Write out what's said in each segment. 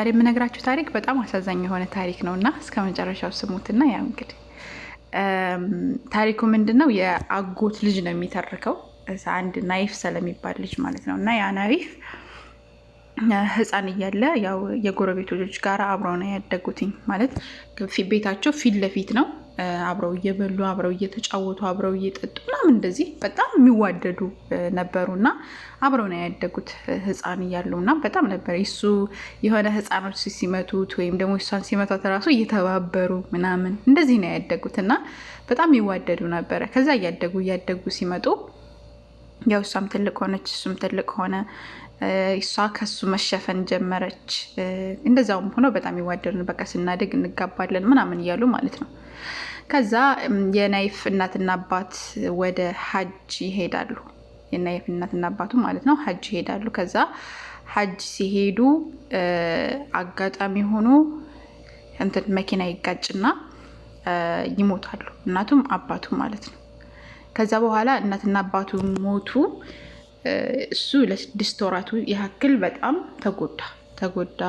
ዛሬ የምነግራችሁ ታሪክ በጣም አሳዛኝ የሆነ ታሪክ ነው እና እስከ መጨረሻው ስሙትና ያው እንግዲህ ታሪኩ ምንድን ነው? የአጎት ልጅ ነው የሚተርከው አንድ ናይፍ ስለሚባል ልጅ ማለት ነው። እና ያ ናይፍ ህፃን እያለ ያው የጎረቤቱ ጋር አብረው ነው ያደጉትኝ ማለት ቤታቸው ፊት ለፊት ነው አብረው እየበሉ አብረው እየተጫወቱ አብረው እየጠጡ ምናምን እንደዚህ በጣም የሚዋደዱ ነበሩ እና አብረው ነው ያደጉት ህፃን እያሉ እና በጣም ነበር እሱ የሆነ ህፃኖች ሲመቱት ወይም ደግሞ እሷን ሲመቷት ራሱ እየተባበሩ ምናምን እንደዚህ ነው ያደጉት እና በጣም ይዋደዱ ነበረ። ከዛ እያደጉ እያደጉ ሲመጡ ያው እሷም ትልቅ ሆነች፣ እሱም ትልቅ ሆነ። እሷ ከሱ መሸፈን ጀመረች። እንደዛውም ሆኖ በጣም ይዋደርን፣ በቃ ስናደግ እንጋባለን ምናምን እያሉ ማለት ነው። ከዛ የናይፍ እናትና አባት ወደ ሀጅ ይሄዳሉ። የናይፍ እናትና አባቱ ማለት ነው ሀጅ ይሄዳሉ። ከዛ ሀጅ ሲሄዱ አጋጣሚ ሆኖ እንትን መኪና ይጋጭና ይሞታሉ። እናቱም አባቱ ማለት ነው። ከዛ በኋላ እናትና አባቱ ሞቱ። እሱ ለስድስት ወራቱ ያክል በጣም ተጎዳ ተጎዳ።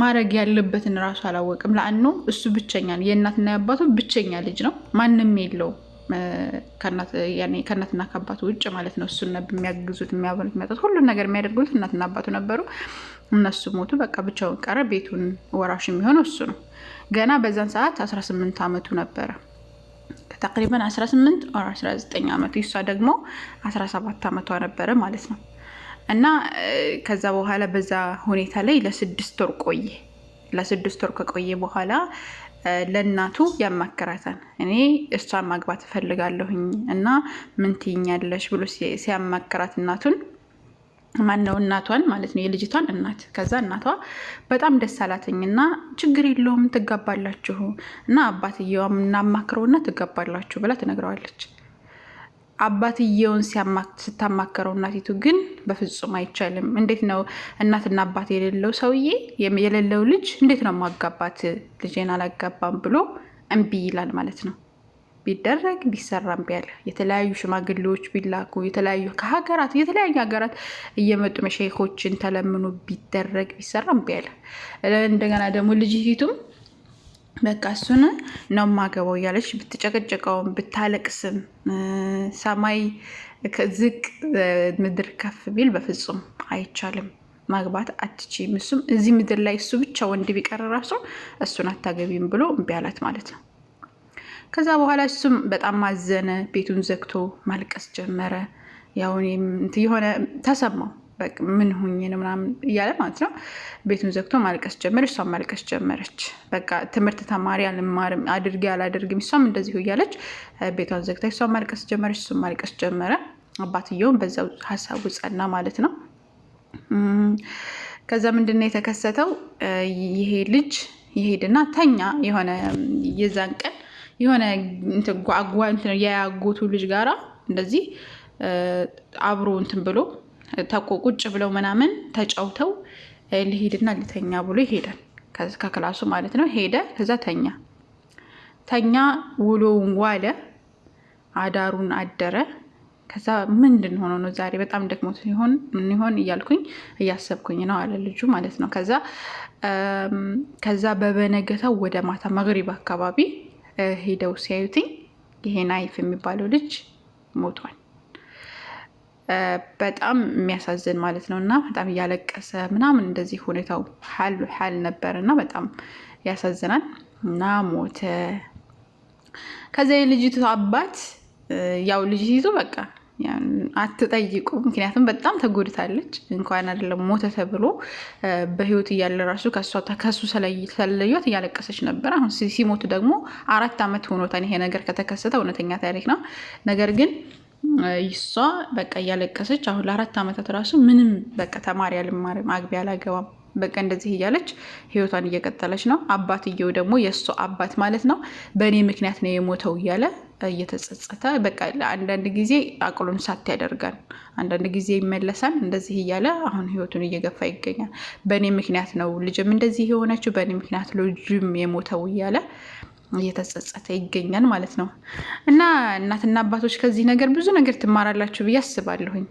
ማድረግ ያለበትን ራሱ አላወቅም። ለአኖ እሱ ብቸኛ ነው፣ የእናትና የአባቱ ብቸኛ ልጅ ነው። ማንም የለው ከእናትና ከአባቱ ውጭ ማለት ነው። እሱን የሚያግዙት የሚያበሉት፣ የሚያጠት ሁሉን ነገር የሚያደርጉት እናትና አባቱ ነበሩ። እነሱ ሞቱ፣ በቃ ብቻውን ቀረ። ቤቱን ወራሽ የሚሆነው እሱ ነው። ገና በዛን ሰዓት 18 ዓመቱ ነበረ። ተቅሪበን 18 ኦር 19 ዓመቱ ይሷ ደግሞ 17 ዓመቷ ነበረ ማለት ነው። እና ከዛ በኋላ በዛ ሁኔታ ላይ ለስድስት ወር ቆየ። ለስድስት ወር ከቆየ በኋላ ለእናቱ ያማከራታል። እኔ እሷን ማግባት እፈልጋለሁኝ እና ምን ትይኛለሽ ብሎ ሲያማከራት እናቱን ማነው እናቷን ማለት ነው የልጅቷን እናት። ከዛ እናቷ በጣም ደስ አላትኝ እና ችግር የለውም ትጋባላችሁ እና አባትየዋም እናማክረውና ትጋባላችሁ ብላ ትነግረዋለች። አባትየውን ስታማከረው እናቲቱ ግን በፍጹም አይቻልም፣ እንዴት ነው እናትና አባት የሌለው ሰውዬ የሌለው ልጅ እንዴት ነው ማጋባት? ልጄን አላጋባም ብሎ እምቢ ይላል ማለት ነው። ቢደረግ ቢሰራም ቢያለ የተለያዩ ሽማግሌዎች ቢላኩ የተለያዩ ከሀገራት የተለያዩ ሀገራት እየመጡ መሸይኮችን ተለምኖ ቢደረግ ቢሰራም ቢያለ እንደገና ደግሞ ልጅ ፊቱም በቃ እሱን ነው ማገባው እያለች ብትጨቀጨቀውም ብታለቅስም ሰማይ ዝቅ ምድር ከፍ ቢል በፍጹም አይቻልም። ማግባት አትችም። እሱም እዚህ ምድር ላይ እሱ ብቻ ወንድ ቢቀር ራሱ እሱን አታገቢም ብሎ እምቢ አላት ማለት ነው። ከዛ በኋላ እሱም በጣም ማዘነ፣ ቤቱን ዘግቶ ማልቀስ ጀመረ። ያው የሆነ ተሰማው ምን ሁኝ ነው ምናምን እያለ ማለት ነው። ቤቱን ዘግቶ ማልቀስ ጀመረ እሷም ማልቀስ ጀመረች። በቃ ትምህርት ተማሪ አልማርም አድርጌ አላደርግም፣ እሷም እንደዚሁ እያለች ቤቷን ዘግታ እሷም ማልቀስ ጀመረች፣ እሱም ማልቀስ ጀመረ። አባትየውም በዛው ሀሳቡ ጸና ማለት ነው። ከዛ ምንድን ነው የተከሰተው? ይሄ ልጅ ይሄድና ተኛ የሆነ የዛን ቀን የሆነ ጓጓ የያጎቱ ልጅ ጋራ እንደዚህ አብሮ እንትን ብሎ ቁጭ ብለው ምናምን ተጫውተው ልሂድና ልተኛ ብሎ ይሄዳል። ከክላሱ ማለት ነው። ሄደ። ከዛ ተኛ ተኛ። ውሎውን ዋለ። አዳሩን አደረ። ከዛ ምንድን ሆኖ ነው ዛሬ በጣም ደክሞት ሲሆን ምን ይሆን እያልኩኝ እያሰብኩኝ ነው አለ ልጁ ማለት ነው። ከዛ ከዛ በበነገታው ወደ ማታ መግሪብ አካባቢ ሄደው ሲያዩትኝ ይሄ ናይፍ የሚባለው ልጅ ሞቷል። በጣም የሚያሳዝን ማለት ነው። እና በጣም እያለቀሰ ምናምን እንደዚህ ሁኔታው ሀል ሀል ነበር እና በጣም ያሳዝናል። እና ሞተ። ከዚያ የልጅቱ አባት ያው ልጅ ይዞ በቃ አትጠይቁ። ምክንያቱም በጣም ተጎድታለች። እንኳን አይደለም ሞተ ተብሎ በህይወት እያለ ራሱ ከሱ ስለለዩት እያለቀሰች ነበር። አሁን ሲሞት ደግሞ አራት ዓመት ሆኖታል። ይሄ ነገር ከተከሰተ እውነተኛ ታሪክ ነው። ነገር ግን ይሷ በቃ እያለቀሰች አሁን ለአራት ዓመታት ራሱ ምንም በቃ ተማሪ አልማርም፣ አግቢ አላገባም በቃ እንደዚህ እያለች ህይወቷን እየቀጠለች ነው። አባትየው ደግሞ የእሷ አባት ማለት ነው በእኔ ምክንያት ነው የሞተው እያለ እየተጸጸተ በቃ አንዳንድ ጊዜ አቅሉን ሳት ያደርጋል፣ አንዳንድ ጊዜ ይመለሳል። እንደዚህ እያለ አሁን ህይወቱን እየገፋ ይገኛል። በእኔ ምክንያት ነው ልጅም እንደዚህ የሆነችው፣ በእኔ ምክንያት ልጅም የሞተው እያለ እየተጸጸተ ይገኛል ማለት ነው። እና እናትና አባቶች ከዚህ ነገር ብዙ ነገር ትማራላችሁ ብዬ አስባለሁኝ።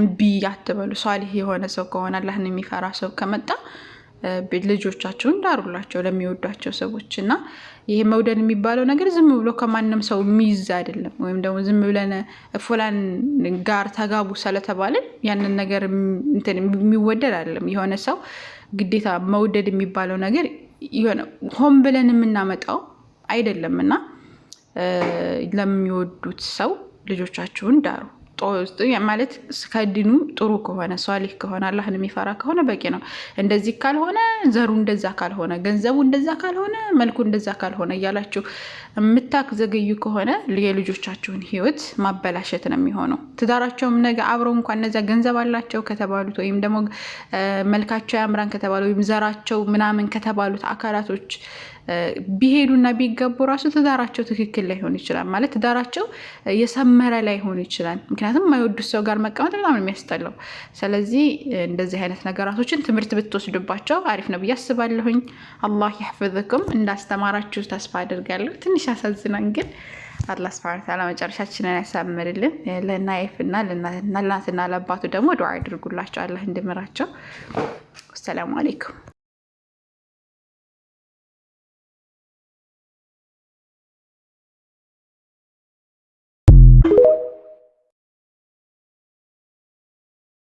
እምቢ አትበሉ። ሷሊህ የሆነ ሰው ከሆነ አላህን የሚፈራ ሰው ከመጣ ልጆቻቸውን ዳሩላቸው ለሚወዷቸው ሰዎች እና ይሄ መውደድ የሚባለው ነገር ዝም ብሎ ከማንም ሰው የሚይዝ አይደለም። ወይም ደግሞ ዝም ብለን ፎላን ጋር ተጋቡ ስለተባልን ያንን ነገር የሚወደድ አይደለም። የሆነ ሰው ግዴታ መውደድ የሚባለው ነገር የሆነ ሆን ብለን የምናመጣው አይደለም እና ለሚወዱት ሰው ልጆቻችሁን ዳሩ። ማለት ከድኑ ጥሩ ከሆነ ሷሊህ ከሆነ አላህን የሚፈራ ከሆነ በቂ ነው። እንደዚህ ካልሆነ ዘሩ እንደዛ ካልሆነ ገንዘቡ እንደዛ ካልሆነ መልኩ እንደዛ ካልሆነ እያላችሁ የምታክ ዘገዩ ከሆነ የልጆቻችሁን ህይወት ማበላሸት ነው የሚሆነው። ትዳራቸውም ነገ አብረው እንኳን እነዚያ ገንዘብ አላቸው ከተባሉት ወይም ደግሞ መልካቸው ያምራን ከተባሉ ወይም ዘራቸው ምናምን ከተባሉት አካላቶች ቢሄዱና ቢገቡ ራሱ ትዳራቸው ትክክል ላይሆን ይችላል። ማለት ትዳራቸው የሰመረ ላይሆን ይችላል። ምክንያቱም የማይወዱት ሰው ጋር መቀመጥ በጣም ነው የሚያስጠላው። ስለዚህ እንደዚህ አይነት ነገራቶችን ትምህርት ብትወስዱባቸው አሪፍ ነው ብዬ አስባለሁኝ። አላህ ያሕፍዝኩም። እንዳስተማራችሁ ተስፋ አድርጋለሁ። ትንሽ ያሳዝናን ግን አላህ ስብሐነ መጨረሻችንን ያሳምርልን። ለናይፍ እና ለእናትና ለአባቱ ደግሞ ዱዓ አድርጉላቸው አላህ እንድምራቸው። አሰላሙ አሌይኩም